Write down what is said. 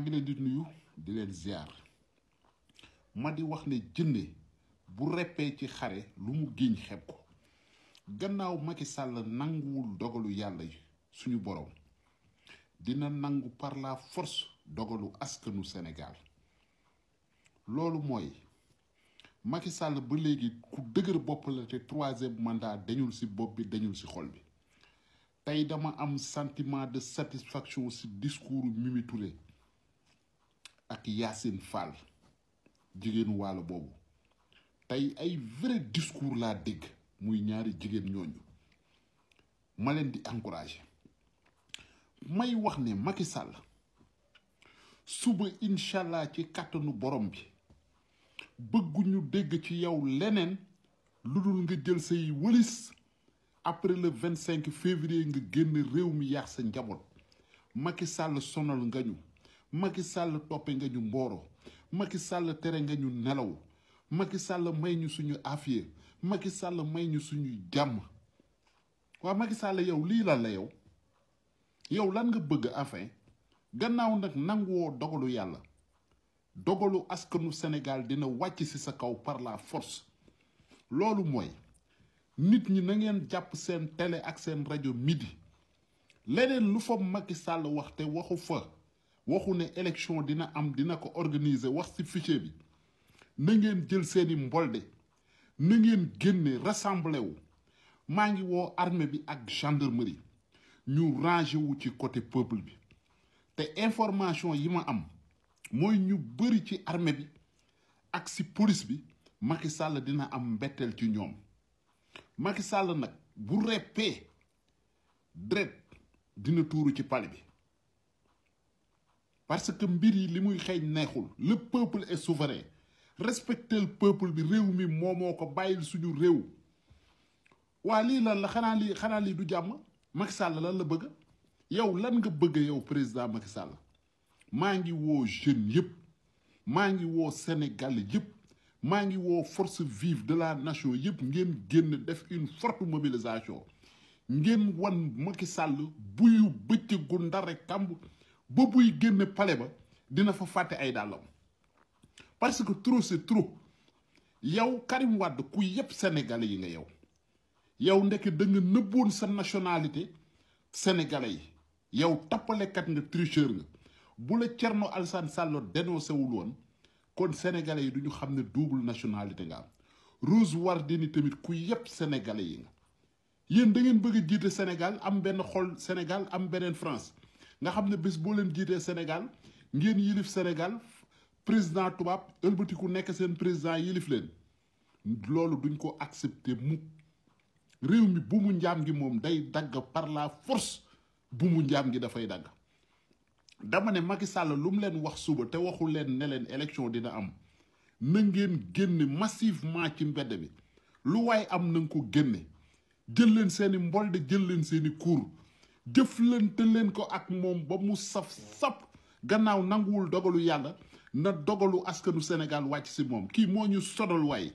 maa ngi di nuyu di leen ziar ma wax ne jënde bu reppee ci xare lu mu géñ xeb ko gannaaw Macky Sall nanguwul dogalu suñu boroom dina nangu par la force dogalu askanu Sénégal loolu mooy Macky Sall ba léegi ku dëgër bopp la te troisième mandat dañul ci bopp bi dañul ci xol bi tey dama am sentiment de satisfaction ci discours Mimi Touré ak Yacine Fall jigéenu waalo boobu tey ay vrai discours laa dégg muy ñaari jigéen ñooñu ma leen di encourager may wax ne Macky Sall suba incha allah ci kàttanu borom bi bëgguñu dégg ci yow leneen lu dul nga jël say wëlis après le vingt cinq février nga génn réew mi yaax sa njaboot Macky Sall sonal nga ñu Macky Sall toppe nga ñu mbooro Macky Sall tere nga ñu nelaw Macky Sall may ñu suñu afiya Macky Sall may ñu suñu jàmm waaw Macky Sall yow lii lan la yow yow lan nga bëgg enfin gannaaw nag nanguwoo dogalu yàlla dogalu askanu senegal dina wàcc ci sa kaw par la force loolu mooy nit ñi na ngeen jàpp seen tele ak seen rajo midi leneen lu fa Macky Sall wax te waxu fa waxu ne élection dina am dina ko organiser wax ci fichier bi na ngeen jël seeni mbolde na ngeen génne rassemblé wu maa ngi woo armée bi ak gendarmerie ñu rangé wu ci côté peuple bi te information yi ma am mooy ñu bëri ci armée bi ak ci police bi Macky dina am mbetteel ci ñoom Macky nag bu reppee dret dina tuuru ci pale bi parce que mbir yi li muy xeeñ neexul le peuple est souverain respectel peuple bi réew mi moomoo ko bàyyil suñu réew waa lii lan la xanaa lii xanaa lii du jàmm Macky Sall lan la bëgg yow lan nga bëgg yow président Macky Sall maa ngi woo jeunes yëpp maa ngi woo Sénégal yëpp maa ngi woo force vive de la nation yëpp ngeen génn def une forte mobilisation ngeen wan Macky Sall buyu bëccëgu ndare kàmb ba buy génne pale ba dina fa fàtte ay dàllam parce que trop c'est trop yow Karim Wade ku yëpp sénégalais yi nga yow yow ndekk da nga nëbboon sa nationalité sénégalais yi yow tappalekat nga tricheur nga bu la Thierno Alassane Sall dénoncé wul woon kon sénégalais yi du ñu xam ne double nationalité nga am Rose Wardini tamit ku yëpp sénégalais yi nga yéen da ngeen bëgg a jiite Sénégal am benn xol Sénégal am beneen France nga xam ne bés boo leen jiitee Sénégal ngeen yilif Sénégal président tubaab ëlbatiku nekk seen président yilif leen loolu duñ ko accepter mukk réew mi bu mu njaam gi moom day dagg par la force bu mu njaam gi dafay dagg dama ne Macky Sall lu mu leen wax suba te waxul leen ne leen élection dina am na ngeen génne massivement ci mbedd bi lu waaye am na nga ko génne jël leen seeni mbolde jël leen seeni kuur jëflante leen ko ak moom ba mu saf sap gannaaw nanguwul dogalu yàlla na dogalu askanu Sénégal wàcc si moom kii moo ñu sodal waay